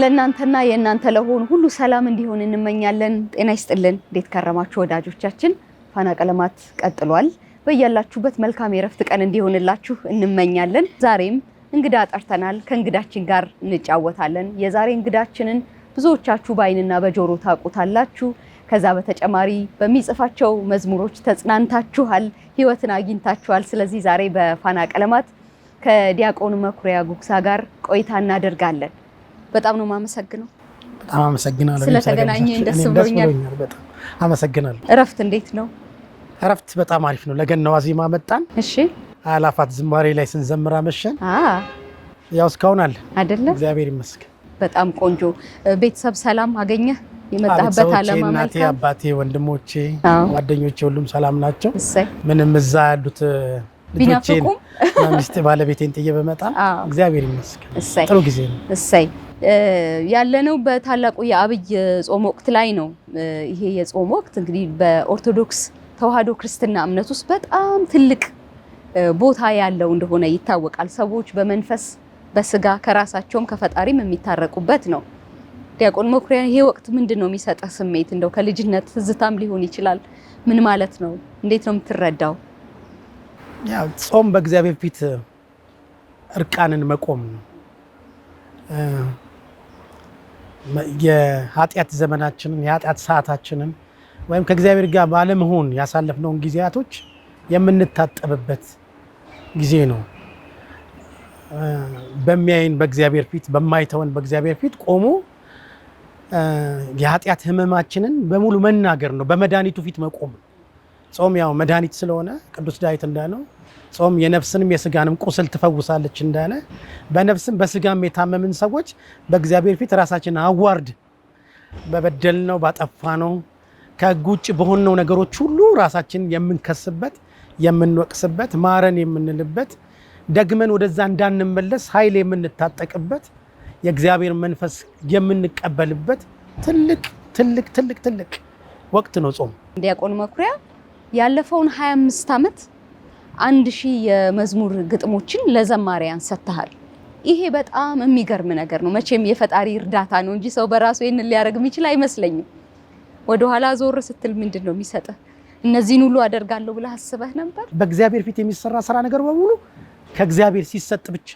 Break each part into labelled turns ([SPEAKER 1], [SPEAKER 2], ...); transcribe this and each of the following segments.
[SPEAKER 1] ለእናንተና የእናንተ ለሆኑ ሁሉ ሰላም እንዲሆን እንመኛለን። ጤና ይስጥልን። እንዴት ከረማችሁ ወዳጆቻችን? ፋና ቀለማት ቀጥሏል። በያላችሁበት መልካም የእረፍት ቀን እንዲሆንላችሁ እንመኛለን። ዛሬም እንግዳ ጠርተናል። ከእንግዳችን ጋር እንጫወታለን። የዛሬ እንግዳችንን ብዙዎቻችሁ በአይንና በጆሮ ታውቁታላችሁ። ከዛ በተጨማሪ በሚጽፋቸው መዝሙሮች ተጽናንታችኋል፣ ህይወትን አግኝታችኋል። ስለዚህ ዛሬ በፋና ቀለማት ከዲያቆን መኩሪያ ጉግሳ ጋር ቆይታ እናደርጋለን። በጣም ነው የማመሰግነው።
[SPEAKER 2] በጣም አመሰግናለሁ ስለተገናኘን፣ ደስ ብሎኛል። በጣም አመሰግናለሁ።
[SPEAKER 1] እረፍት እንዴት ነው?
[SPEAKER 2] እረፍት በጣም አሪፍ ነው። ለገናዋ ዜማ መጣን። እሺ አላፋት ዝማሬ ላይ ስንዘምር አመሸን። ያው እስካሁን አለ አይደለ? እግዚአብሔር ይመስገን።
[SPEAKER 1] በጣም ቆንጆ። ቤተሰብ ሰላም አገኘ?
[SPEAKER 2] የመጣህበት ዓለም እናቴ፣ አባቴ፣ ወንድሞቼ፣ ጓደኞቼ ሁሉም ሰላም ናቸው። ምንም እዛ ያሉት ልጆቼን ሚስት ባለቤቴን ጥዬ በመጣ እግዚአብሔር
[SPEAKER 1] ይመስገን ጥሩ ጊዜ ነው። እሰይ ያለነው በታላቁ የአብይ ጾም ወቅት ላይ ነው። ይሄ የጾም ወቅት እንግዲህ በኦርቶዶክስ ተዋህዶ ክርስትና እምነት ውስጥ በጣም ትልቅ ቦታ ያለው እንደሆነ ይታወቃል። ሰዎች በመንፈስ በስጋ ከራሳቸውም ከፈጣሪም የሚታረቁበት ነው። ዲያቆን መኩሪያ ይሄ ወቅት ምንድን ነው የሚሰጠ ስሜት? እንደው ከልጅነት ትዝታም ሊሆን ይችላል። ምን ማለት ነው? እንዴት ነው የምትረዳው?
[SPEAKER 2] ያው ጾም በእግዚአብሔር ፊት እርቃንን መቆም ነው። የኃጢአት ዘመናችንን የኃጢአት ሰዓታችንን ወይም ከእግዚአብሔር ጋር ባለመሆን ያሳለፍነውን ጊዜያቶች የምንታጠብበት ጊዜ ነው። በሚያይን በእግዚአብሔር ፊት በማይተወን በእግዚአብሔር ፊት ቆሞ የኃጢአት ህመማችንን በሙሉ መናገር ነው። በመድኃኒቱ ፊት መቆም ጾም ያው መድኃኒት ስለሆነ ቅዱስ ዳዊት እንዳለው ጾም የነፍስንም የስጋንም ቁስል ትፈውሳለች እንዳለ በነፍስም በስጋም የታመምን ሰዎች በእግዚአብሔር ፊት ራሳችን አዋርድ በበደልነው ባጠፋነው ከህግ ውጭ በሆነው ነገሮች ሁሉ ራሳችን የምንከስበት የምንወቅስበት ማረን የምንልበት ደግመን ወደዛ እንዳንመለስ ኃይል የምንታጠቅበት የእግዚአብሔር መንፈስ የምንቀበልበት ትልቅ ትልቅ ትልቅ ትልቅ ወቅት ነው ጾም።
[SPEAKER 1] ዲያቆን መኩሪያ ያለፈውን 25 ዓመት አንድ ሺህ የመዝሙር ግጥሞችን ለዘማሪያን ሰጥተሃል። ይሄ በጣም የሚገርም ነገር ነው። መቼም የፈጣሪ እርዳታ ነው እንጂ ሰው በራሱ ይህን ሊያደርግ የሚችል አይመስለኝም። ወደኋላ ዞር ስትል ምንድን ነው የሚሰጥህ? እነዚህን ሁሉ አደርጋለሁ ብለህ አስበህ ነበር?
[SPEAKER 2] በእግዚአብሔር ፊት የሚሰራ ስራ ነገር በሙሉ ከእግዚአብሔር ሲሰጥ ብቻ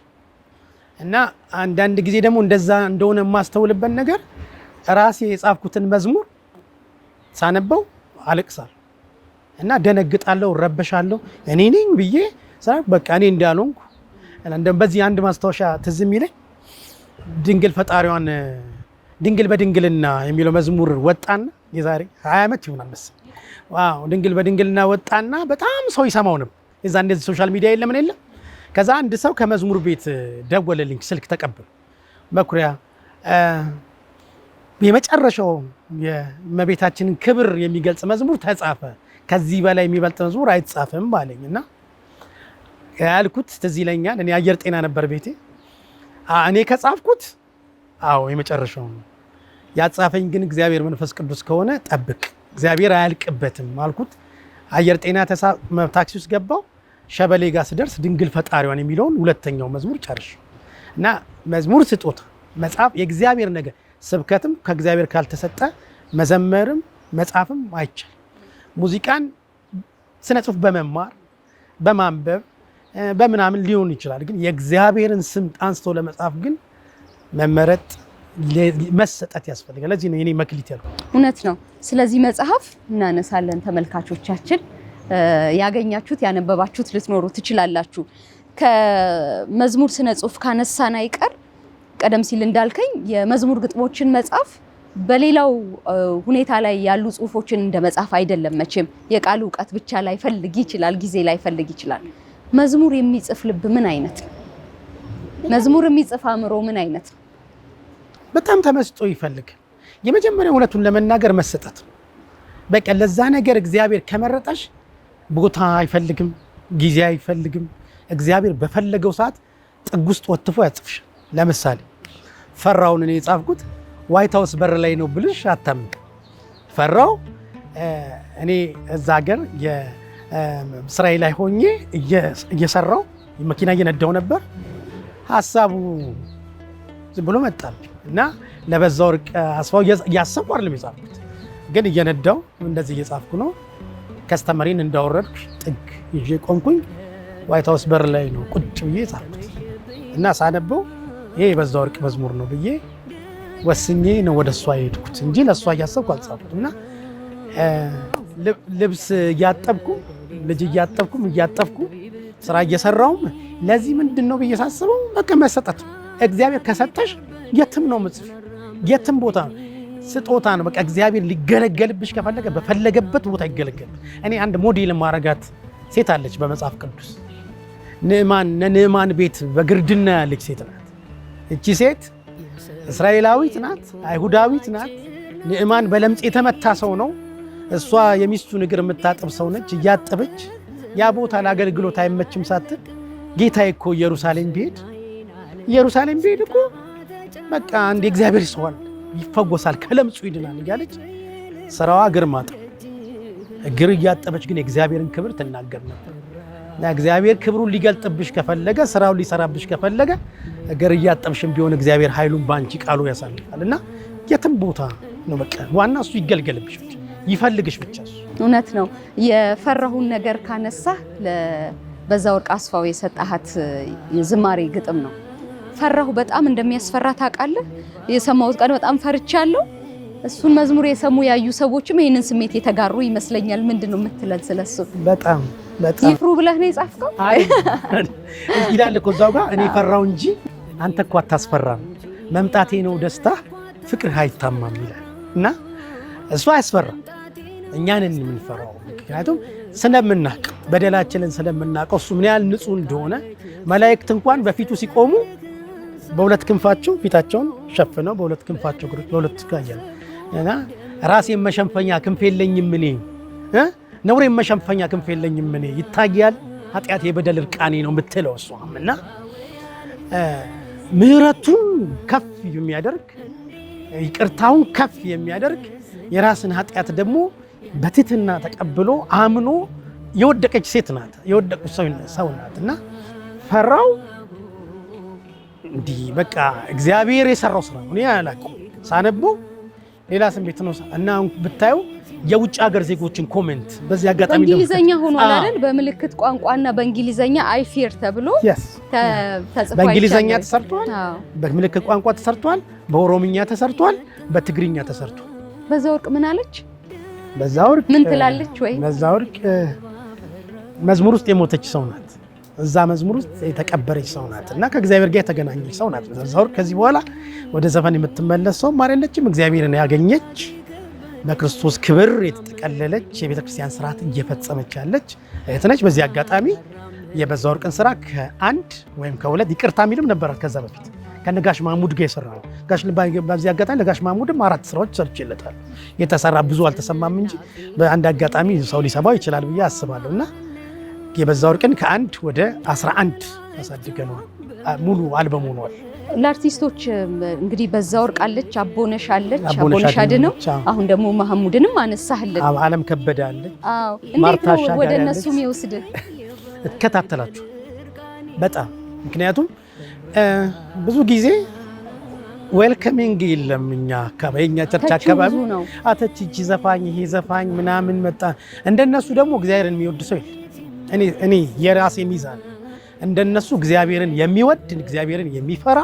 [SPEAKER 2] እና አንዳንድ ጊዜ ደግሞ እንደዛ እንደሆነ የማስተውልበት ነገር ራሴ የጻፍኩትን መዝሙር ሳነበው አልቅሳል እና ደነግጣለሁ፣ እረበሻለሁ እኔ ነኝ ብዬ በቃ እኔ እንዳልሆንኩ በዚህ አንድ ማስታወሻ ትዝ የሚለኝ ድንግል ፈጣሪዋን ድንግል በድንግልና የሚለው መዝሙር ወጣና የዛሬ ሀያ ዓመት ይሆናል መሰለኝ። ድንግል በድንግልና ወጣና በጣም ሰው ይሰማው ነበር። የዛ እንደዚህ ሶሻል ሚዲያ የለምን የለም። ከዛ አንድ ሰው ከመዝሙር ቤት ደወለልኝ፣ ስልክ ተቀበሉ። መኩሪያ የመጨረሻው የእመቤታችንን ክብር የሚገልጽ መዝሙር ተጻፈ ከዚህ በላይ የሚበልጥ መዝሙር አይጻፍም አለኝ እና ያልኩት ትዝ ይለኛል። እኔ አየር ጤና ነበር ቤቴ። እኔ ከጻፍኩት አዎ የመጨረሻው ነው ያጻፈኝ። ግን እግዚአብሔር መንፈስ ቅዱስ ከሆነ ጠብቅ፣ እግዚአብሔር አያልቅበትም አልኩት። አየር ጤና ታክሲ ውስጥ ገባው። ሸበሌ ጋር ስደርስ ድንግል ፈጣሪዋን የሚለውን ሁለተኛው መዝሙር ጨርሽ እና መዝሙር ስጦታ መጽሐፍ የእግዚአብሔር ነገር ስብከትም ከእግዚአብሔር ካልተሰጠ መዘመርም መጽሐፍም አይቻል ሙዚቃን ስነ ጽሁፍ በመማር በማንበብ በምናምን ሊሆን ይችላል። ግን የእግዚአብሔርን ስም አንስቶ ለመጽሐፍ ግን መመረጥ መሰጠት ያስፈልጋል። ለዚህ ነው የኔ መክሊት ያልኩ።
[SPEAKER 1] እውነት ነው። ስለዚህ መጽሐፍ እናነሳለን። ተመልካቾቻችን ያገኛችሁት ያነበባችሁት ልትኖሩ ትችላላችሁ። ከመዝሙር ስነ ጽሁፍ ካነሳን አይቀር ቀደም ሲል እንዳልከኝ የመዝሙር ግጥሞችን መጽሐፍ። በሌላው ሁኔታ ላይ ያሉ ጽሁፎችን እንደ መጽሐፍ አይደለም። መቼም የቃል እውቀት ብቻ ላይፈልግ ይችላል፣ ጊዜ ላይፈልግ ይችላል። መዝሙር የሚጽፍ ልብ ምን አይነት ነው? መዝሙር የሚጽፍ አእምሮ ምን አይነት ነው?
[SPEAKER 2] በጣም ተመስጦ ይፈልግ። የመጀመሪያ እውነቱን ለመናገር መሰጠት በቃ ለዛ ነገር እግዚአብሔር ከመረጠሽ ቦታ አይፈልግም፣ ጊዜ አይፈልግም። እግዚአብሔር በፈለገው ሰዓት ጥግ ውስጥ ወትፎ ያጽፍሽ። ለምሳሌ ፈራውን እኔ የጻፍኩት ዋይት ሀውስ በር ላይ ነው ብልሽ አታምቅ ፈራው። እኔ እዛ ሀገር ስራዬ ላይ ሆኜ እየሰራው መኪና እየነዳው ነበር። ሀሳቡ ዝም ብሎ መጣልኝ እና ለበዛ ወርቅ አስፋው እያሰብኩ አይደለም የጻፍኩት፣ ግን እየነዳው እንደዚህ እየጻፍኩ ነው። ከስተመሪን እንዳወረድኩ ጥግ ይዤ ቆምኩኝ። ዋይት ሀውስ በር ላይ ነው ቁጭ ብዬ የጻፍኩት እና ሳነበው ይሄ የበዛ ወርቅ መዝሙር ነው ብዬ ወስኜ ነው ወደ እሷ የሄድኩት እንጂ ለእሷ እያሰብኩ አልጻፍኩት እና ልብስ እያጠብኩ ልጅ እያጠብኩም እያጠብኩ ስራ እየሰራውም ለዚህ ምንድን ነው ብዬ ሳስበው በቃ መሰጠት እግዚአብሔር ከሰጠሽ የትም ነው ምጽፍ የትም ቦታ ነው ስጦታ ነው። በቃ እግዚአብሔር ሊገለገልብሽ ከፈለገ በፈለገበት ቦታ ይገለገል። እኔ አንድ ሞዴል ማረጋት ሴት አለች በመጽሐፍ ቅዱስ ንዕማን፣ ነንዕማን ቤት በግርድና ያለች ሴት ናት። እቺ ሴት እስራኤላዊት ናት፣ አይሁዳዊት ናት። ንዕማን በለምጽ የተመታ ሰው ነው። እሷ የሚስቱን እግር የምታጥብ ሰው ነች። እያጠበች ያ ቦታ ለአገልግሎት አይመችም ሳትል ጌታ እኮ ኢየሩሳሌም ቢሄድ ኢየሩሳሌም ቢሄድ እኮ በቃ አንድ የእግዚአብሔር ሰዋል ይፈወሳል፣ ከለምጹ ይድናል እያለች ስራዋ እግር ማጠብ፣ እግር እያጠበች ግን የእግዚአብሔርን ክብር ትናገር ነበር። እግዚአብሔር ክብሩን ሊገልጥብሽ ከፈለገ ስራውን ሊሰራብሽ ከፈለገ ነገር እያጠብሽም ቢሆን እግዚአብሔር ኃይሉን በአንቺ ቃሉ ያሳልፋል እና የትም ቦታ ነው በቃ ዋና እሱ ይገልገልብሽ ይፈልግሽ ብቻ እሱ
[SPEAKER 1] እውነት ነው። የፈራሁን ነገር ካነሳ በዛ ወርቅ አስፋው የሰጣሃት የዝማሬ ግጥም ነው። ፈራሁ በጣም እንደሚያስፈራ ታውቃለህ። የሰማሁት ቀን በጣም ፈርቻለሁ። እሱን መዝሙር የሰሙ ያዩ ሰዎችም ይህንን ስሜት የተጋሩ ይመስለኛል። ምንድን ነው የምትለን ስለሱ? በጣም በጣም ይፍሩ ብለህ ነው የጻፍከው?
[SPEAKER 2] ይላል እኮ እዛው ጋር እኔ ፈራው እንጂ አንተ እኮ አታስፈራም፣ መምጣቴ ነው ደስታ ፍቅር አይታማም ይላል እና እሱ አያስፈራም። እኛንን የምንፈራው ምክንያቱም ስለምናቅ በደላችንን ስለምናቀው እሱ ምን ያህል ንጹሕ እንደሆነ መላእክት እንኳን በፊቱ ሲቆሙ በሁለት ክንፋቸው ፊታቸውን ሸፍነው በሁለት ክንፋቸው በሁለት እና ራሴን መሸንፈኛ ክንፍ የለኝም እኔ ነውሬን መሸንፈኛ ክንፍ የለኝም እኔ ይታያል ኃጢአት በደል፣ እርቃኔ ነው የምትለው እሷም እና ምሕረቱን ከፍ የሚያደርግ ይቅርታውን ከፍ የሚያደርግ የራስን ኃጢአት ደግሞ በትትና ተቀብሎ አምኖ የወደቀች ሴት ናት፣ የወደቁ ሰው ናት እና ፈራው። እንዲህ በቃ እግዚአብሔር የሰራው ስራ እኔ አላውቅም። ሳነበው ሌላ ስሜት ነው እና ብታየው የውጭ ሀገር ዜጎችን ኮሜንት በዚህ አጋጣሚ
[SPEAKER 1] በእንግሊዘኛ ሆኖ አይደል? በምልክት ቋንቋና በእንግሊዘኛ አይ ፌር ተብሎ
[SPEAKER 2] ተጽፏል። በእንግሊዘኛ ተሰርቷል፣ በምልክት ቋንቋ ተሰርቷል፣ በኦሮምኛ ተሰርቷል፣ በትግርኛ ተሰርቷል።
[SPEAKER 1] በዛ ወርቅ ምን አለች? በዛ ወርቅ ምን ትላለች? ወይ
[SPEAKER 2] በዛ ወርቅ መዝሙር ውስጥ የሞተች ሰው ናት። እዛ መዝሙር ውስጥ የተቀበረች ሰው ናት እና ከእግዚአብሔር ጋር የተገናኘች ሰው ናት። በዛ ወርቅ ከዚህ በኋላ ወደ ዘፈን የምትመለስ ሰውም አይደለችም። እግዚአብሔርን ያገኘች በክርስቶስ ክብር የተጠቀለለች የቤተ ክርስቲያን ስርዓትን እየፈጸመች ያለች እህት ነች። በዚህ አጋጣሚ የበዛ ወርቅን ስራ ከአንድ ወይም ከሁለት ይቅርታ የሚልም ነበረ ከዛ በፊት ከነጋሽ ማሙድ ጋር የሰራ ነው። በዚህ አጋጣሚ ለጋሽ ማሙድም አራት ስራዎች ሰርችለታል። የተሰራ ብዙ አልተሰማም እንጂ በአንድ አጋጣሚ ሰው ሊሰማው ይችላል ብዬ አስባለሁ እና የበዛ ወርቅን ከአንድ ወደ 11 አሳድገነዋል። ሙሉ አልበሙ ሆኗል።
[SPEAKER 1] ለአርቲስቶች እንግዲህ በዛ ወርቅ አለች፣ አቦነሽ አለች፣ አቦነሽ አድነው፣ አሁን ደግሞ መሐሙድንም አነሳህልን፣
[SPEAKER 2] አለም ከበደ አለ።
[SPEAKER 1] እንዴት ነው ወደ እነሱ የሚወስድ?
[SPEAKER 2] እከታተላችሁ በጣም ምክንያቱም ብዙ ጊዜ ዌልከሚንግ የለም። እኛ አካባቢ እኛ ቸርች አካባቢ አተች ይቺ ዘፋኝ ይሄ ዘፋኝ ምናምን መጣ። እንደነሱ ደግሞ እግዚአብሔርን የሚወድ ሰው የለ። እኔ የራሴ ሚዛን እንደነሱ እግዚአብሔርን የሚወድ እግዚአብሔርን የሚፈራ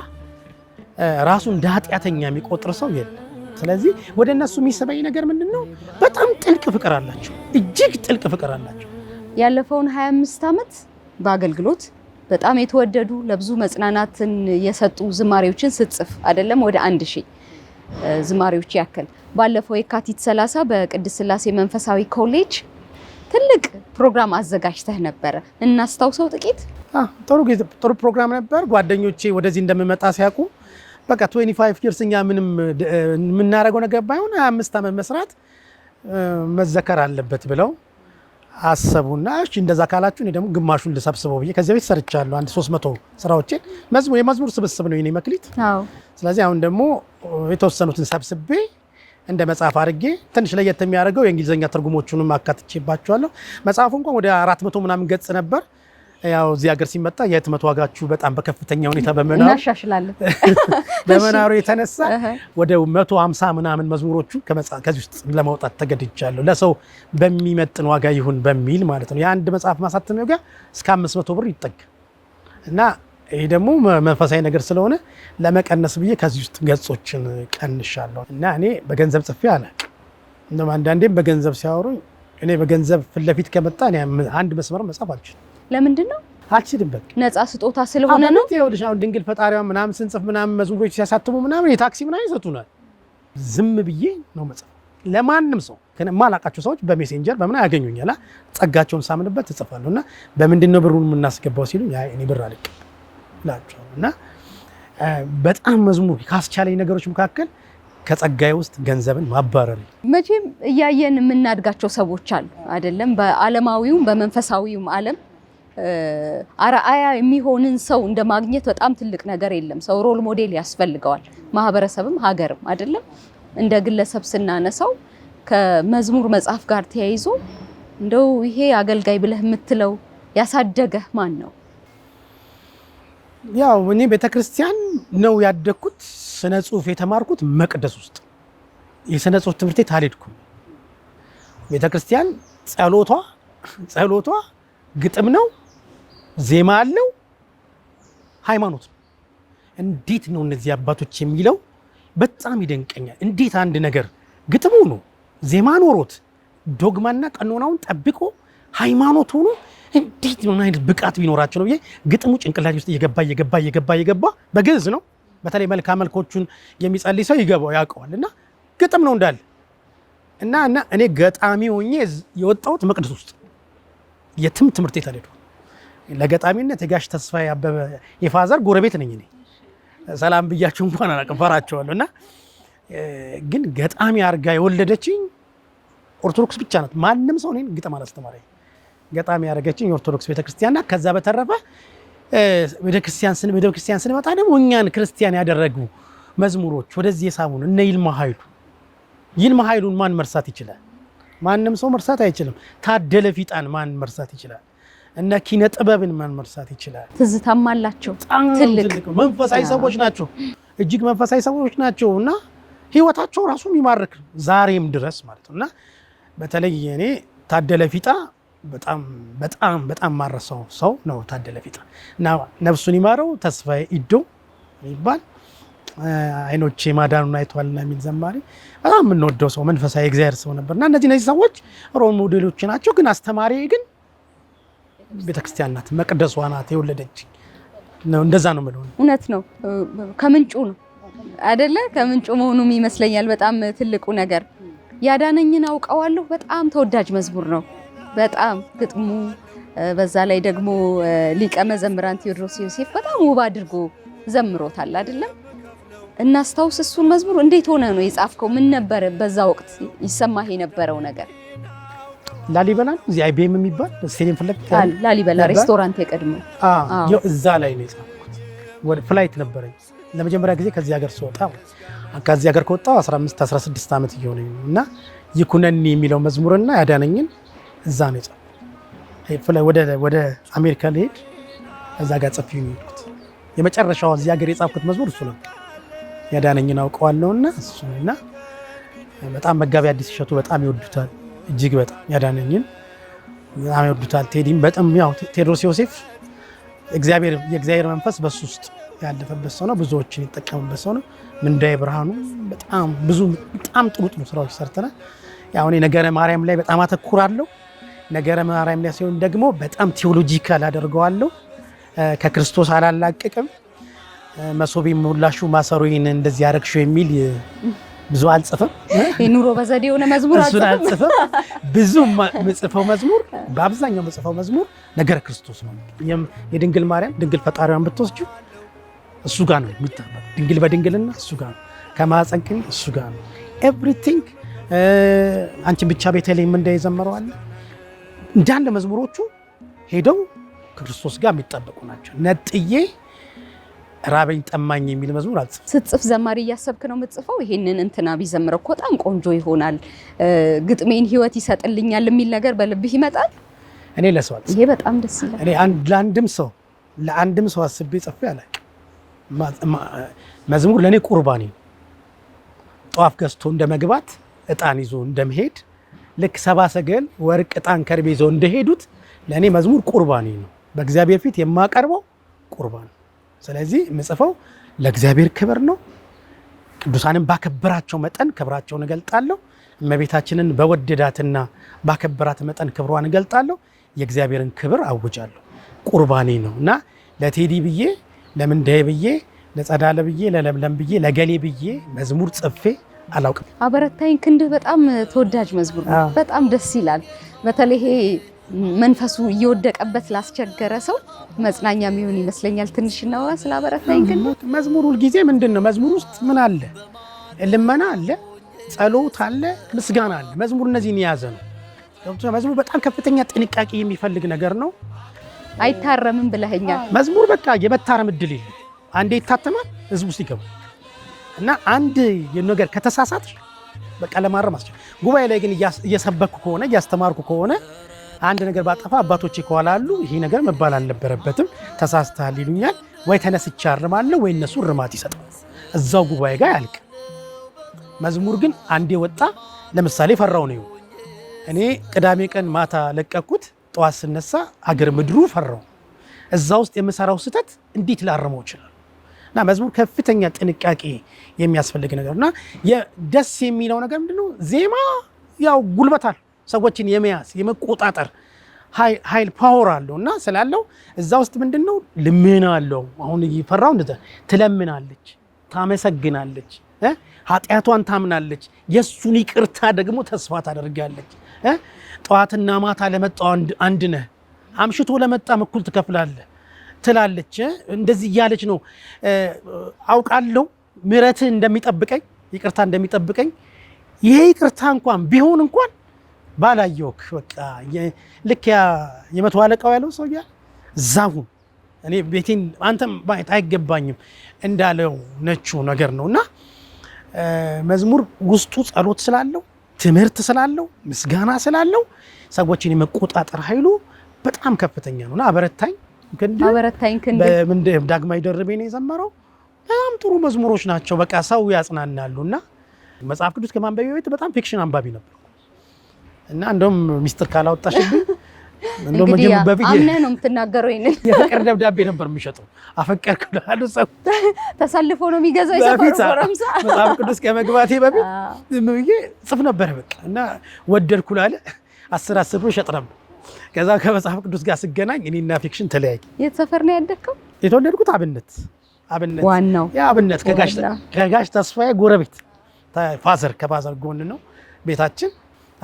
[SPEAKER 2] ራሱን እንደ ኃጢአተኛ የሚቆጥር ሰው የለም። ስለዚህ ወደ እነሱ የሚስበኝ ነገር ምንድን ነው? በጣም ጥልቅ ፍቅር አላቸው። እጅግ ጥልቅ ፍቅር አላቸው።
[SPEAKER 1] ያለፈውን 25 ዓመት በአገልግሎት በጣም የተወደዱ ለብዙ መጽናናትን የሰጡ ዝማሬዎችን ስትጽፍ አይደለም ወደ አንድ ሺህ ዝማሬዎች ያክል ባለፈው የካቲት 30 በቅድስት ስላሴ መንፈሳዊ ኮሌጅ ትልቅ ፕሮግራም አዘጋጅተህ ነበረ። እናስታውሰው ጥቂት
[SPEAKER 2] ጥሩ ጥሩ ፕሮግራም ነበር። ጓደኞቼ ወደዚህ እንደምመጣ ሲያውቁ በቃ 25 ይርስ እኛ ምንም የምናደርገው ነገር ባይሆን 25 ዓመት መስራት መዘከር አለበት ብለው አሰቡና እሺ እንደዛ ካላችሁ እኔ ደግሞ ግማሹን ልሰብስበው ብዬ ከዚህ ቤት ሰርቻለሁ። አንድ 300 ስራዎችን መዝሙር የመዝሙር ስብስብ ነው የኔ መክሊት። ስለዚህ አሁን ደግሞ የተወሰኑትን ሰብስቤ እንደ መጽሐፍ አድርጌ ትንሽ ለየት የሚያደርገው የእንግሊዝኛ ትርጉሞቹንም አካትቼባቸዋለሁ። መጽሐፉ እንኳን ወደ 400 ምናምን ገጽ ነበር። ያው እዚህ ሀገር ሲመጣ የህትመት ዋጋችሁ በጣም በከፍተኛ ሁኔታ በመናሩ
[SPEAKER 1] እናሻሽላለን
[SPEAKER 2] በመናሩ የተነሳ ወደ 150 ምናምን መዝሙሮቹ ከዚህ ውስጥ ለማውጣት ተገድጃለሁ። ለሰው በሚመጥን ዋጋ ይሁን በሚል ማለት ነው። የአንድ መጽሐፍ ማሳተሚያ ጋር እስከ 500 ብር ይጠጋ እና ይህ ደግሞ መንፈሳዊ ነገር ስለሆነ ለመቀነስ ብዬ ከዚህ ውስጥ ገጾችን ቀንሻለሁ እና እኔ በገንዘብ ጽፌ አላውቅም። እንደውም አንዳንዴም በገንዘብ ሲያወሩኝ እኔ በገንዘብ ፊት ለፊት ከመጣ አንድ መስመር መጻፍ አልችልም። ለምንድን ነው አልችልም። በቃ ነፃ ስጦታ ስለሆነ ነው። ይኸውልሽ አሁን ድንግል ፈጣሪዋን ምናምን ስንጽፍ ምናምን መዝሙሮች ሲያሳትሙ ምናምን የታክሲ ምናምን ይሰጡናል። ዝም ብዬ ነው መጽሐፍ ለማንም ሰው የማላውቃቸው ሰዎች በሜሴንጀር በምን ያገኙኛል። ጸጋቸውን ሳምንበት እጽፋለሁ እና በምንድን ነው ብሩን የምናስገባው ሲሉ እኔ ብር አልቀበላቸው እና በጣም መዝሙር ካስቻለኝ ነገሮች መካከል ከጸጋዬ ውስጥ ገንዘብን ማባረር።
[SPEAKER 1] መቼም እያየን የምናድጋቸው ሰዎች አሉ አይደለም፣ በዓለማዊውም በመንፈሳዊውም አለም። አርአያ የሚሆንን ሰው እንደ ማግኘት በጣም ትልቅ ነገር የለም። ሰው ሮል ሞዴል ያስፈልገዋል፣ ማህበረሰብም ሀገርም አይደለም። እንደ ግለሰብ ስናነሳው ከመዝሙር መጽሐፍ ጋር ተያይዞ እንደው ይሄ አገልጋይ ብለህ የምትለው ያሳደገህ ማን ነው?
[SPEAKER 2] ያው እኔ ቤተክርስቲያን ነው ያደግኩት። ስነ ጽሁፍ የተማርኩት መቅደስ ውስጥ። የስነ ጽሁፍ ትምህርት ቤት አልሄድኩም። ቤተክርስቲያን ጸሎቷ ጸሎቷ ግጥም ነው ዜማ አለው፣ ሃይማኖት ነው። እንዴት ነው እነዚህ አባቶች የሚለው በጣም ይደንቀኛል። እንዴት አንድ ነገር ግጥሙ ነው ዜማ ኖሮት ዶግማና ቀኖናውን ጠብቆ ሃይማኖት ሆኖ እንዴት ምን አይነት ብቃት ቢኖራቸው ነው? ግጥሙ ጭንቅላት ውስጥ እየገባ እየገባ እየገባ እየገባ በግዕዝ ነው። በተለይ መልካ መልኮቹን የሚጸልይ ሰው ይገባው ያውቀዋል። እና ግጥም ነው እንዳለ እና እና እኔ ገጣሚ ሆኜ የወጣሁት መቅደስ ውስጥ የትም ትምህርት የተለዱ ለገጣሚነት የጋሽ ተስፋ ያበበ የፋዘር ጎረቤት ነኝ እኔ። ሰላም ብያችሁ እንኳን አላውቅም፣ ፈራቸዋለሁ። እና ግን ገጣሚ አድርጋ የወለደችኝ ኦርቶዶክስ ብቻ ናት። ማንም ሰው እኔን ግጥም አላስተማረኝ። ገጣሚ ያደረገችኝ የኦርቶዶክስ ቤተክርስቲያን ና ከዛ በተረፈ ቤተክርስቲያን ስንመጣ ደግሞ እኛን ክርስቲያን ያደረጉ መዝሙሮች ወደዚህ የሳሙን እነ ይልማ ኃይሉ ይልማ ኃይሉን ማን መርሳት ይችላል? ማንም ሰው መርሳት አይችልም። ታደለ ፊጣን ማን መርሳት ይችላል? እነ ኪነ ጥበብን መርሳት ይችላል።
[SPEAKER 1] ትዝታም አላቸው።
[SPEAKER 2] ትልቅ መንፈሳዊ ሰዎች ናቸው። እጅግ መንፈሳዊ ሰዎች ናቸው እና ህይወታቸው ራሱ የሚማርክ ዛሬም ድረስ ማለት ነው እና በተለይ እኔ ታደለ ፊጣ በጣም በጣም በጣም ማረሰው ሰው ነው ታደለ ፊጣ እና ነፍሱን ይማረው። ተስፋዬ ኢዶ ይባል አይኖቼ ማዳኑን አይተዋል የሚል ዘማሪ በጣም የምንወደው ሰው መንፈሳዊ እግዚአብሔር ሰው ነበር እና እነዚህ እነዚህ ሰዎች ሮል ሞዴሎች ናቸው። ግን አስተማሪ ግን ቤተክርስቲያን ናት፣ መቅደሷ ናት የወለደች። እንደዛ ነው የምልህ።
[SPEAKER 1] እውነት ነው፣ ከምንጩ ነው አይደለ? ከምንጩ መሆኑም ይመስለኛል በጣም ትልቁ ነገር። ያዳነኝን አውቀዋለሁ በጣም ተወዳጅ መዝሙር ነው። በጣም ግጥሙ፣ በዛ ላይ ደግሞ ሊቀ መዘምራን ቴዎድሮስ ዮሴፍ በጣም ውብ አድርጎ ዘምሮታል አይደለም? እናስታውስ እሱን መዝሙር። እንዴት ሆነ ነው የጻፍከው? ምን ነበር በዛ ወቅት ይሰማህ የነበረው ነገር?
[SPEAKER 2] ላሊበላ ነው እዚህ አይቤም የሚባል ስቴዲየም ፍለግ
[SPEAKER 1] ላሊበላ ሬስቶራንት የቀድሞ
[SPEAKER 2] እዛ ላይ ነው የጻፍኩት። ወደ ፍላይት ነበረኝ ለመጀመሪያ ጊዜ ከዚህ ሀገር ስወጣ ከዚህ ሀገር ከወጣው 15 16 ዓመት እየሆነኝ ነው እና ይኩነኒ የሚለው መዝሙርና ያዳነኝን እዛ ነው የጻፍኩት። ወደ አሜሪካ ልሄድ እዛ ጋር ጽፌ የሚሄድኩት የመጨረሻው እዚህ ሀገር የጻፍኩት መዝሙር እሱ ነው። ያዳነኝን አውቀዋለሁና እሱ እና በጣም መጋቢ አዲስ እሸቱ በጣም ይወዱታል። እጅግ በጣም ያዳነኝን በጣም ይወዱታል። ቴዲም በጣም ያው ቴዎድሮስ ዮሴፍ የእግዚአብሔር መንፈስ በሱ ውስጥ ያለፈበት ሰው ነው። ብዙዎችን የጠቀምበት ሰው ነው። ምንዳይ ብርሃኑ በጣም ብዙ በጣም ጥሩ ጥሩ ስራዎች ሰርተናል። ያው እኔ ነገረ ማርያም ላይ በጣም አተኩራለሁ። ነገረ ማርያም ላይ ሲሆን ደግሞ በጣም ቴዎሎጂካል አደርገዋለሁ። ከክርስቶስ አላላቅቅም። መሶቤም ሁላሹ ማሰሮዬን እንደዚህ ያረግሽው የሚል ብዙ አልጽፍም።
[SPEAKER 1] የኑሮ በዘዴ የሆነ መዝሙር
[SPEAKER 2] እሱን አልጽፍም። ብዙ ምጽፈው መዝሙር በአብዛኛው ምጽፈው መዝሙር ነገረ ክርስቶስ ነው። የድንግል ማርያም ድንግል ፈጣሪዋን ብትወስጂው እሱ ጋር ነው የሚጠበቅ። ድንግል በድንግልና እሱ ጋር ነው፣ ከማህፀን እሱ ጋር ነው ኤቭሪቲንግ። አንቺን ብቻ ቤተልሔም እንደ የዘመረዋለ እንዳንድ መዝሙሮቹ ሄደው ከክርስቶስ ጋር የሚጠበቁ ናቸው ነጥዬ ራበኝ ጠማኝ የሚል መዝሙር አልጽፍም።
[SPEAKER 1] ስትጽፍ ዘማሪ እያሰብክ ነው የምትጽፈው? ይሄንን እንትና ቢዘምረው እኮ በጣም ቆንጆ ይሆናል፣ ግጥሜን ህይወት ይሰጥልኛል የሚል ነገር በልብህ ይመጣል? እኔ ለሰው ይሄ በጣም ደስ ይላል።
[SPEAKER 2] እኔ ለአንድም ሰው ለአንድም ሰው አስቤ ጽፌ አላውቅም። መዝሙር ለእኔ ቁርባኔ ነው። ጧፍ ገዝቶ እንደ መግባት እጣን ይዞ እንደመሄድ ልክ ሰባ ሰገል ወርቅ እጣን ከርቤ ይዘው እንደሄዱት ለእኔ መዝሙር ቁርባኔ ነው። በእግዚአብሔር ፊት የማቀርበው ቁርባን ስለዚህ የምጽፈው ለእግዚአብሔር ክብር ነው። ቅዱሳንን ባከበራቸው መጠን ክብራቸውን እገልጣለሁ። እመቤታችንን በወደዳትና ባከበራት መጠን ክብሯን እገልጣለሁ። የእግዚአብሔርን ክብር አውጃለሁ። ቁርባኔ ነው እና ለቴዲ ብዬ፣ ለምንዳይ ብዬ፣ ለጸዳለ ብዬ፣ ለለምለም ብዬ፣ ለገሌ ብዬ መዝሙር ጽፌ አላውቅም።
[SPEAKER 1] አበረታኝ ክንድህ በጣም ተወዳጅ መዝሙር ነው። በጣም ደስ ይላል። በተለይ መንፈሱ እየወደቀበት ላስቸገረ ሰው መጽናኛ የሚሆን ይመስለኛል። ትንሽና ስላበረታኝ ግን
[SPEAKER 2] መዝሙር ሁልጊዜ ምንድን ነው መዝሙር ውስጥ ምን አለ? ልመና አለ፣ ጸሎት አለ፣ ምስጋና አለ። መዝሙር እነዚህን የያዘ ነው። መዝሙር በጣም ከፍተኛ ጥንቃቄ የሚፈልግ ነገር ነው።
[SPEAKER 1] አይታረምም ብለኸኛል።
[SPEAKER 2] መዝሙር በቃ የመታረም እድል የለ። አንዴ ይታተማል ህዝቡ ሲገባ እና አንድ ነገር ከተሳሳት በቃ ለማረም አስቸ ጉባኤ ላይ ግን እየሰበኩ ከሆነ እያስተማርኩ ከሆነ አንድ ነገር ባጠፋ አባቶቼ ከኋላ አሉ፣ ይሄ ነገር መባል አልነበረበትም፣ ተሳስተሃል ይሉኛል። ወይ ተነስቻ አርማለሁ፣ ወይ እነሱ እርማት ይሰጣል። እዛው ጉባኤ ጋር ያልቅ። መዝሙር ግን አንዴ ወጣ። ለምሳሌ ፈራው ነው እኔ ቅዳሜ ቀን ማታ ለቀኩት። ጠዋት ስነሳ አገር ምድሩ ፈራው። እዛ ውስጥ የምሰራው ስህተት እንዴት ላርመው ይችላል? እና መዝሙር ከፍተኛ ጥንቃቄ የሚያስፈልግ ነገር እና ደስ የሚለው ነገር ምንድነው? ዜማ ያው ጉልበታል ሰዎችን የመያዝ የመቆጣጠር ኃይል ፓወር አለው እና ስላለው እዛ ውስጥ ምንድን ነው ልምና አለው። አሁን እየፈራው እንደዛ ትለምናለች፣ ታመሰግናለች፣ ኃጢአቷን ታምናለች፣ የእሱን ይቅርታ ደግሞ ተስፋ ታደርጋለች። ጠዋትና ማታ ለመጣው አንድ ነህ፣ አምሽቶ ለመጣም እኩል ትከፍላለህ ትላለች። እንደዚህ እያለች ነው አውቃለሁ ምሕረትህ እንደሚጠብቀኝ ይቅርታ እንደሚጠብቀኝ ይሄ ይቅርታ እንኳን ቢሆን እንኳን ባላየውክ በቃ ልክ ያ የመቶ አለቃው ያለው ሰውዬ ዛሁን እኔ ቤቴን አንተም ማየት አይገባኝም እንዳለው ነችው ነገር ነው እና መዝሙር ውስጡ ጸሎት ስላለው ትምህርት ስላለው ምስጋና ስላለው ሰዎችን የመቆጣጠር ኃይሉ በጣም ከፍተኛ ነው እና አበረታኝ ክንድ ዳግማዊ ደርቤ ነው የዘመረው። በጣም ጥሩ መዝሙሮች ናቸው። በቃ ሰው ያጽናናሉ እና መጽሐፍ ቅዱስ ከማንበቢ ቤት በጣም ፊክሽን አንባቢ ነበር። እና እንደውም ሚስጥር ካላወጣሽብኝ
[SPEAKER 1] እንደውም በፊት አምነህ ነው የምትናገረው። ይሄንን
[SPEAKER 2] የፍቅር ደብዳቤ ነበር የሚሸጠው። አፈቀርኩ ለአንዱ ሰው
[SPEAKER 1] ተሰልፎ ነው የሚገዛው።
[SPEAKER 2] የሰፈሩ ጎረምሳ መጽሐፍ ቅዱስ ከመግባቴ በፊት ዝም ብዬ ጽፍ ነበር በቃ እና ወደድኩ ላለ አስር አስር ብር ሸጥ ነበር። ከዛ ከመጽሐፍ ቅዱስ ጋር ስገናኝ እኔና ፊክሽን ተለያየ።
[SPEAKER 1] የት ሰፈር ነው ያደግከው?
[SPEAKER 2] የተወለድኩት አብነት አብነት ዋናው ያ አብነት ከጋሽ ተስፋዬ ጎረቤት ፋዘር ከፋዘር ጎን ነው ቤታችን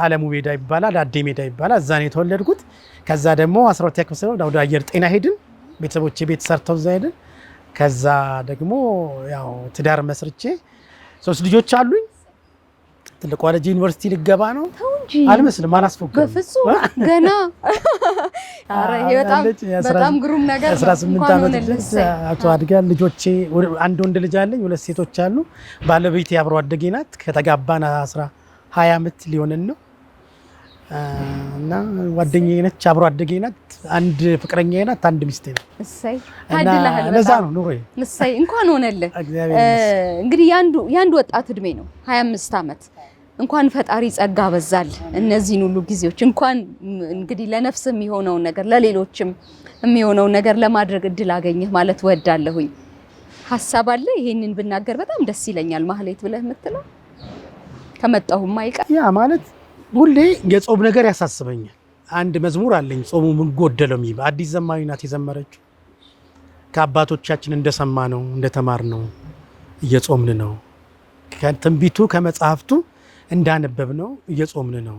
[SPEAKER 2] አለሙ ሜዳ ይባላል፣ አዴ ሜዳ ይባላል። እዛ ነው የተወለድኩት። ከዛ ደግሞ አስራ ሁለተኛ ክፍል ስለሆነ ወደ አየር ጤና ሄድን። ቤተሰቦቼ ቤት ሰርተው እዛ ሄድን። ከዛ ደግሞ ያው ትዳር መስርቼ ሶስት ልጆች አሉኝ። ትልቋ ልጅ ዩኒቨርሲቲ ልገባ ነው። አልመስልም፣ አላስፎክርም
[SPEAKER 1] በፍጹም ገና። ኧረ ይሄ በጣም ግሩም ነገር
[SPEAKER 2] ነው። አስራ ስምንት ዓመት አቶ አድጋ ልጆቼ አንድ ወንድ ልጅ አለኝ፣ ሁለት ሴቶች አሉ። ባለቤቴ አብሮ አደጌ ናት። ከተጋባን አስራ ሀያ ዓመት ሊሆንን ነው። እና ጓደኛዬ ነች፣ አብሮ አደጌ ናት፣ አንድ ፍቅረኛዬ ናት፣ አንድ ሚስቴ እሰይ ለዛ ነው ኑሮዬ።
[SPEAKER 1] እሰይ እንኳን ሆነልህ። እንግዲህ ወጣት እድሜ ነው 25 ዓመት። እንኳን ፈጣሪ ጸጋ በዛል እነዚህን ሁሉ ጊዜዎች እንኳን እንግዲህ ለነፍስ የሚሆነውን ነገር ለሌሎችም የሚሆነውን ነገር ለማድረግ እድል አገኘህ ማለት ወዳለሁኝ። ሀሳብ አለ ይሄንን ብናገር በጣም ደስ ይለኛል። ማህሌት ብለህ የምትለው ከመጣሁም ይቃ
[SPEAKER 2] ያ ማለት ሁሌ የጾም ነገር ያሳስበኛል። አንድ መዝሙር አለኝ ጾሙ ምን ጎደለው የሚል አዲስ ዘማዊ ናት የዘመረችው። ከአባቶቻችን እንደሰማ ነው እንደተማር ነው እየጾምን ነው። ከትንቢቱ ከመጽሐፍቱ እንዳነበብ ነው እየጾምን ነው።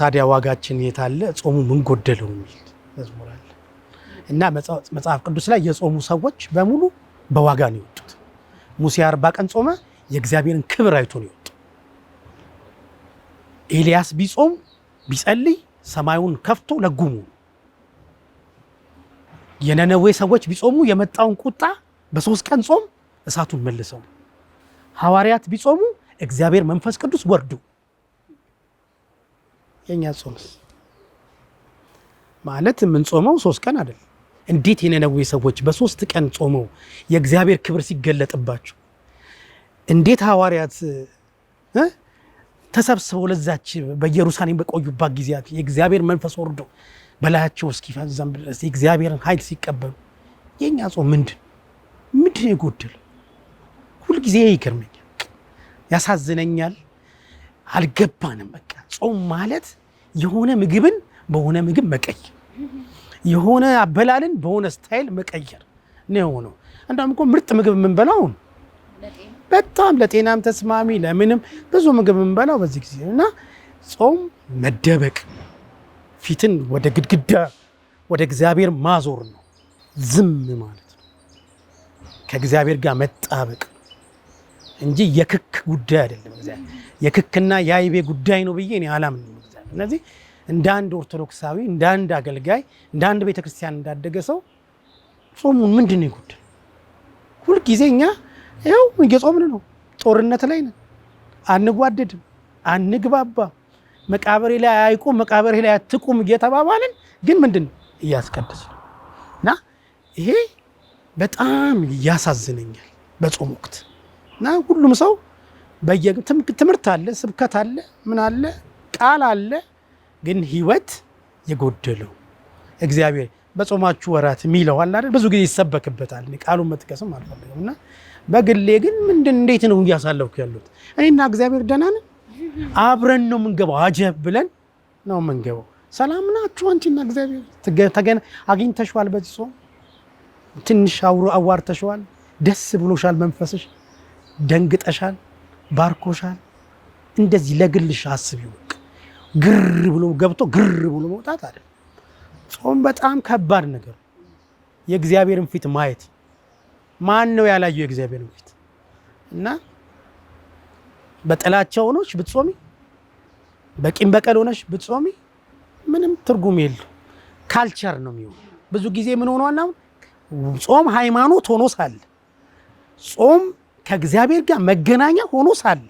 [SPEAKER 2] ታዲያ ዋጋችን የታለ? ጾሙ ምን ጎደለው የሚል መዝሙር አለ እና መጽሐፍ ቅዱስ ላይ የጾሙ ሰዎች በሙሉ በዋጋ ነው የወጡት። ሙሴ አርባ ቀን ጾመ፣ የእግዚአብሔርን ክብር አይቶ ነው የወጡ ኤልያስ ቢጾም ቢጸልይ ሰማዩን ከፍቶ ለጉሙ። የነነዌ ሰዎች ቢጾሙ የመጣውን ቁጣ በሶስት ቀን ጾም እሳቱን መልሰው፣ ሐዋርያት ቢጾሙ እግዚአብሔር መንፈስ ቅዱስ ወርዱ። የእኛ ጾምስ ማለት የምንጾመው ሶስት ቀን አይደል? እንዴት የነነዌ ሰዎች በሶስት ቀን ጾመው የእግዚአብሔር ክብር ሲገለጥባቸው እንዴት ሐዋርያት ተሰብስበው ለዛች በኢየሩሳሌም በቆዩባት ጊዜያት የእግዚአብሔር መንፈስ ወርዶ በላያቸው እስኪፈዘም ድረስ የእግዚአብሔርን ኃይል ሲቀበሉ የእኛ ጾም ምንድን ምንድን የጎደለ ሁልጊዜ ይገርመኛል፣ ያሳዝነኛል። አልገባንም። በቃ ጾም ማለት የሆነ ምግብን በሆነ ምግብ መቀየር፣ የሆነ አበላልን በሆነ ስታይል መቀየር ነው የሆነው። እንዳውም እኮ ምርጥ ምግብ የምንበላው በጣም ለጤናም ተስማሚ ለምንም ብዙ ምግብ የምንበላው በዚህ ጊዜ እና ጾም መደበቅ ፊትን ወደ ግድግዳ ወደ እግዚአብሔር ማዞር ነው። ዝም ማለት ነው። ከእግዚአብሔር ጋር መጣበቅ እንጂ የክክ ጉዳይ አይደለም። የክክና የአይቤ ጉዳይ ነው ብዬ እኔ አላምንም። እነዚህ እንደ አንድ ኦርቶዶክሳዊ፣ እንደ አንድ አገልጋይ፣ እንደ አንድ ቤተክርስቲያን እንዳደገ ሰው ጾሙን ምንድን ነው ይጉድ ሁልጊዜ እኛ ይኸው እየጾምን ነው። ጦርነት ላይ ነን። አንጓደድም፣ አንግባባም። መቃብሬ ላይ አይቁም፣ መቃብሬ ላይ አትቁም እየተባባልን ግን ምንድን ነው እያስቀደስ ነው እና ይሄ በጣም ያሳዝነኛል በጾም ወቅት እና ሁሉም ሰው ትምህርት አለ፣ ስብከት አለ፣ ምን አለ፣ ቃል አለ፣ ግን ህይወት የጎደለው እግዚአብሔር በጾማችሁ ወራት የሚለው አለ አይደል? ብዙ ጊዜ ይሰበክበታል። ቃሉን መጥቀስም አልፈልግም እና በግሌ ግን ምንድን እንዴት ነው እያሳለፍኩ ያሉት? እኔና እግዚአብሔር ደህና ነን፣ አብረን ነው የምንገባው። አጀብ ብለን ነው የምንገባው። ሰላም ናችሁ አንቺና እግዚአብሔር? ተገና አግኝተሽዋል፣ በዚህ ጾም ትንሽ አውሮ አዋርተሽዋል፣ ደስ ብሎሻል፣ መንፈስሽ ደንግጠሻል፣ ባርኮሻል። እንደዚህ ለግልሽ አስብ ይወቅ። ግር ብሎ ገብቶ ግር ብሎ መውጣት አይደለም። ጾም በጣም ከባድ ነገር፣ የእግዚአብሔርን ፊት ማየት ማን ነው ያላየው የእግዚአብሔር ቤት? እና በጥላቻ ሆኖች ብትጾሚ፣ በቂም በቀል ሆነች ብትጾሚ ምንም ትርጉም የለ። ካልቸር ነው የሚሆን። ብዙ ጊዜ ምን ሆኗል ጾም ሃይማኖት ሆኖ ሳለ ጾም ከእግዚአብሔር ጋር መገናኛ ሆኖ ሳለ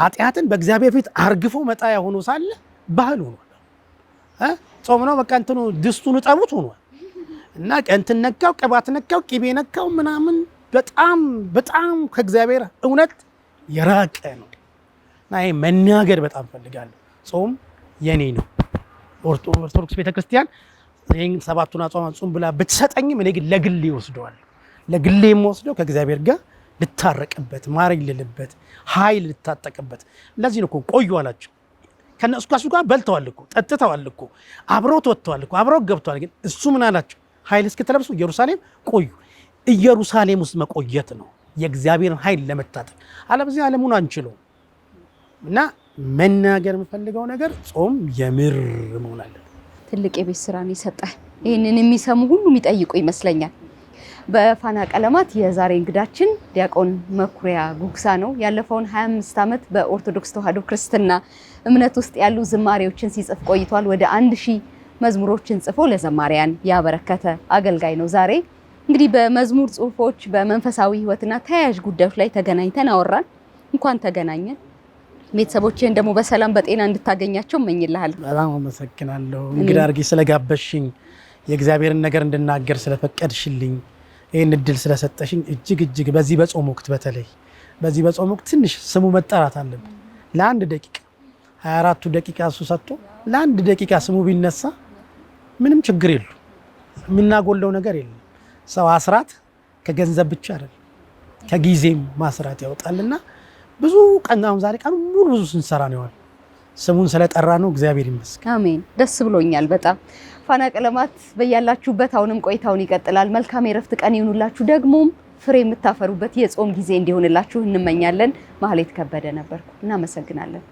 [SPEAKER 2] ኃጢአትን በእግዚአብሔር ፊት አርግፎ መጣያ ሆኖ ሳለ ባህል ሆኗል። ጾም ነው በቃ እንትኑ ድስቱን እጠቡት ሆኗል። እና እንትን ነካው፣ ቅባት ነካው፣ ቂቤ ነካው ምናምን በጣም በጣም ከእግዚአብሔር እውነት የራቀ ነው እና ይሄ መናገር በጣም ፈልጋለሁ። ጾም የኔ ነው። ኦርቶዶክስ ቤተክርስቲያን ይህን ሰባቱን አጽዋማት ጾም ብላ ብትሰጠኝም እኔ ግን ለግሌ ወስደዋለሁ። ለግሌ የምወስደው ከእግዚአብሔር ጋር ልታረቅበት፣ ማር ልልበት፣ ኃይል ልታጠቅበት። እነዚህ ነው ቆዩ አላቸው። ከእነሱ ጋር በልተዋል እኮ ጠጥተዋል እኮ አብረው ወጥተዋል እኮ አብረው ገብተዋል። ግን እሱ ምን አላቸው? ኃይል እስክትለብሱ ኢየሩሳሌም ቆዩ። ኢየሩሳሌም ውስጥ መቆየት ነው የእግዚአብሔርን ኃይል ለመታጠቅ። አለበለዚያ ዓለሙን አንችለውም። እና መናገር የምፈልገው ነገር ጾም የምር መሆን አለ።
[SPEAKER 1] ትልቅ የቤት ስራን ይሰጣል። ይህንን የሚሰሙ ሁሉ የሚጠይቁ ይመስለኛል። በፋና ቀለማት የዛሬ እንግዳችን ዲያቆን መኩሪያ ጉግሳ ነው። ያለፈውን 25 ዓመት በኦርቶዶክስ ተዋሕዶ ክርስትና እምነት ውስጥ ያሉ ዝማሬዎችን ሲጽፍ ቆይቷል። ወደ አንድ ሺህ መዝሙሮችን ጽፎ ለዘማሪያን ያበረከተ አገልጋይ ነው። ዛሬ እንግዲህ በመዝሙር ጽሁፎች፣ በመንፈሳዊ ህይወትና ተያያዥ ጉዳዮች ላይ ተገናኝተን አወራን። እንኳን ተገናኘን። ቤተሰቦችህን ደግሞ በሰላም በጤና እንድታገኛቸው እመኝልሃለሁ።
[SPEAKER 2] በጣም አመሰግናለሁ እንግዲህ አድርጌ ስለጋበሽኝ የእግዚአብሔርን ነገር እንድናገር ስለፈቀድሽልኝ፣ ይህን እድል ስለሰጠሽኝ እጅግ እጅግ በዚህ በጾም ወቅት በተለይ በዚህ በጾም ወቅት ትንሽ ስሙ መጠራት አለብን። ለአንድ ደቂቃ 24ቱ ደቂቃ እሱ ሰጥቶ ለአንድ ደቂቃ ስሙ ቢነሳ ምንም ችግር የሉ። የምናጎለው ነገር የለም። ሰው አስራት ከገንዘብ ብቻ አይደለም ከጊዜም ማስራት ያወጣልና ብዙ ቀን አሁን ዛሬ ቀን ሙሉ ብዙ ስንሰራ ነው ያለው። ስሙን ስለጠራ ነው እግዚአብሔር ይመስገን።
[SPEAKER 1] አሜን። ደስ ብሎኛል በጣም ፋና ቀለማት በያላችሁበት አሁንም ቆይታውን ይቀጥላል። መልካም የረፍት ቀን ይሁኑላችሁ። ደግሞም ፍሬ የምታፈሩበት የጾም ጊዜ እንዲሆንላችሁ እንመኛለን። ማህሌት ከበደ ነበርኩ። እናመሰግናለን።